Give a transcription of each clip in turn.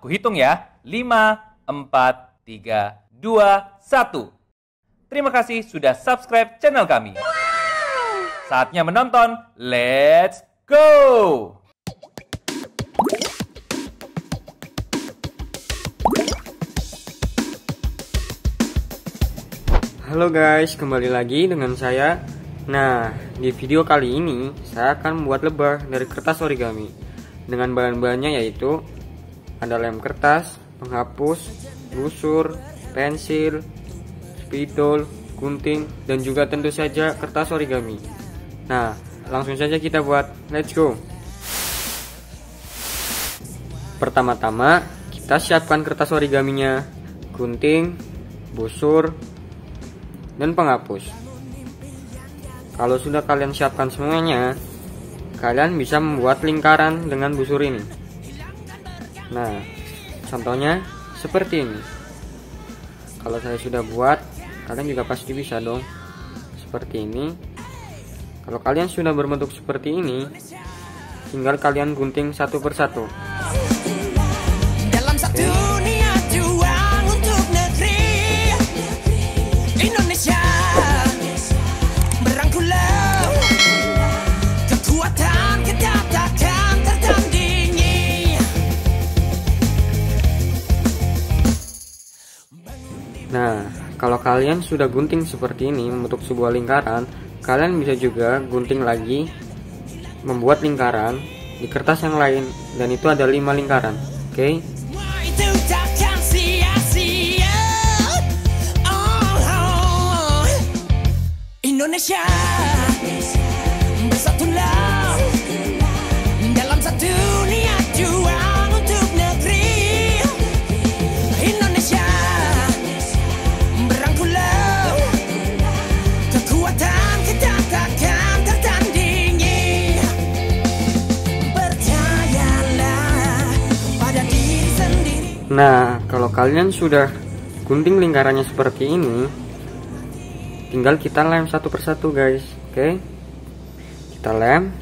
Aku hitung ya. 5, 4, 3, 2, 1. Terima kasih sudah subscribe channel kami. Saatnya menonton. Let's go! Halo guys, kembali lagi dengan saya. Nah, di video kali ini saya akan membuat lebar dari kertas origami dengan bahan-bahannya yaitu ada lem kertas, penghapus, busur, pensil, spidol, gunting, dan juga tentu saja kertas origami. Nah, langsung saja kita buat. Let's go! Pertama-tama, kita siapkan kertas origaminya, gunting, busur, dan penghapus. Kalau sudah kalian siapkan semuanya, kalian bisa membuat lingkaran dengan busur ini. Nah, contohnya seperti ini. Kalau saya sudah buat, kalian juga pasti bisa dong. Seperti ini. Kalau kalian sudah berbentuk seperti ini, tinggal kalian gunting satu persatu. Nah, kalau kalian sudah gunting seperti ini membentuk sebuah lingkaran, kalian bisa juga gunting lagi membuat lingkaran di kertas yang lain dan itu ada lima lingkaran. Oke. Okay? Indonesia bersatulah dalam satu Nah, kalau kalian sudah gunting lingkarannya seperti ini, tinggal kita lem satu persatu, guys. Oke, okay? kita lem.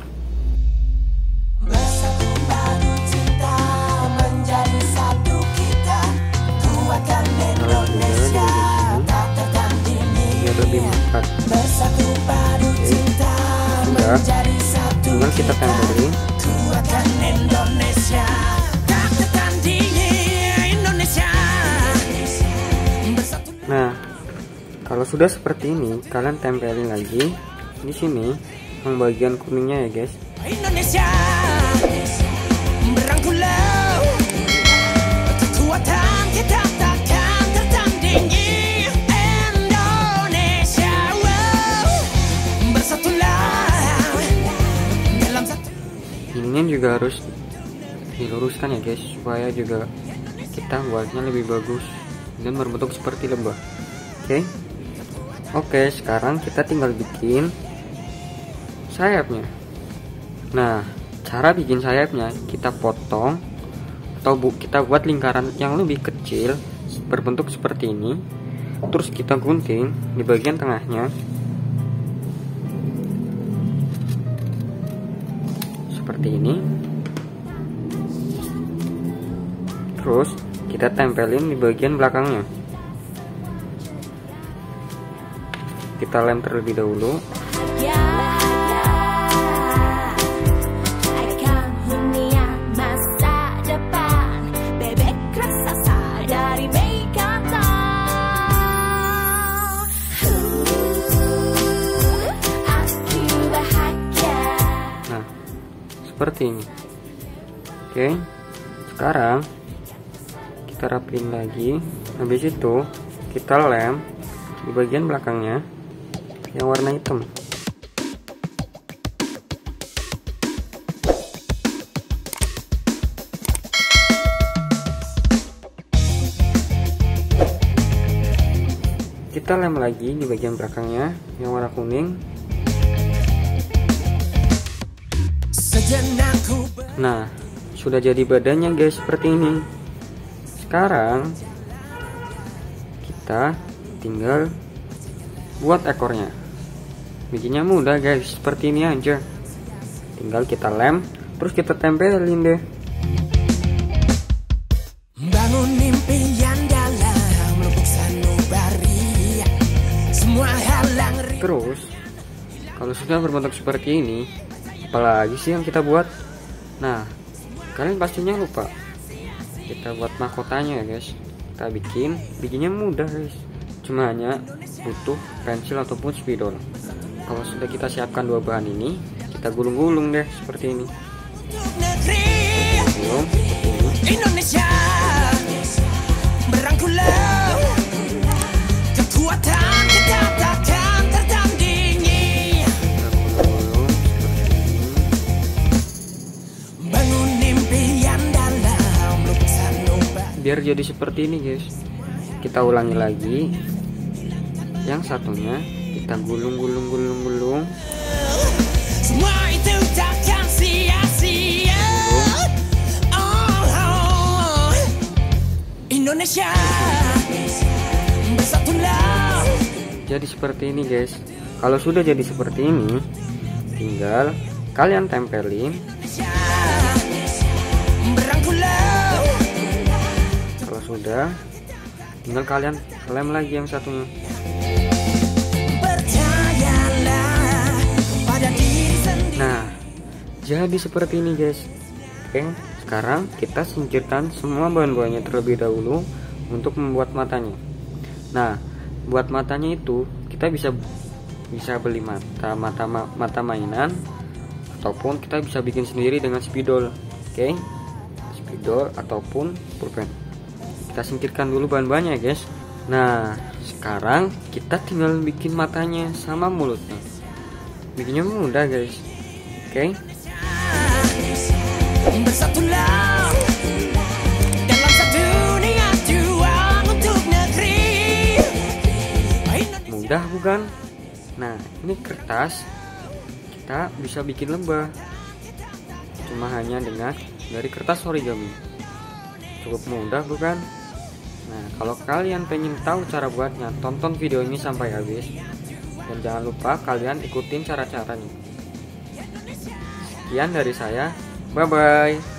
Biar lebih melekat. Okay. Sudah. Tinggal kita tempel. Nah, kalau sudah seperti ini, kalian tempelin lagi di sini yang bagian kuningnya ya, guys. Indonesia Ini juga harus diluruskan ya guys supaya juga kita buatnya lebih bagus dan berbentuk seperti lembah, oke okay. oke okay, sekarang kita tinggal bikin sayapnya nah cara bikin sayapnya kita potong atau bu kita buat lingkaran yang lebih kecil berbentuk seperti ini terus kita gunting di bagian tengahnya seperti ini terus kita tempelin di bagian belakangnya kita lem terlebih dahulu nah, seperti ini oke sekarang kita rapiin lagi habis itu kita lem di bagian belakangnya yang warna hitam kita lem lagi di bagian belakangnya yang warna kuning nah sudah jadi badannya guys seperti ini sekarang kita tinggal buat ekornya bikinnya mudah guys seperti ini aja tinggal kita lem terus kita tempelin deh terus kalau sudah berbentuk seperti ini apalagi sih yang kita buat nah kalian pastinya lupa kita buat mahkotanya ya guys kita bikin bikinnya mudah guys cuma hanya butuh pensil ataupun spidol kalau sudah kita siapkan dua bahan ini kita gulung-gulung deh seperti ini Indonesia berangkulah biar jadi seperti ini guys kita ulangi lagi yang satunya kita gulung gulung gulung gulung oh, oh, oh. Indonesia jadi seperti ini guys kalau sudah jadi seperti ini tinggal kalian tempelin sudah tinggal kalian lem lagi yang satunya nah jadi seperti ini guys oke sekarang kita singkirkan semua bahan-bahannya terlebih dahulu untuk membuat matanya nah buat matanya itu kita bisa bisa beli mata mata mata mainan ataupun kita bisa bikin sendiri dengan spidol oke okay? spidol ataupun pulpen kita singkirkan dulu bahan-bahannya ya guys nah sekarang kita tinggal bikin matanya sama mulutnya bikinnya mudah guys oke okay. mudah bukan nah ini kertas kita bisa bikin lembah cuma hanya dengan dari kertas origami cukup mudah bukan Nah, kalau kalian pengen tahu cara buatnya, tonton video ini sampai habis. Dan jangan lupa kalian ikutin cara-caranya. Sekian dari saya. Bye-bye.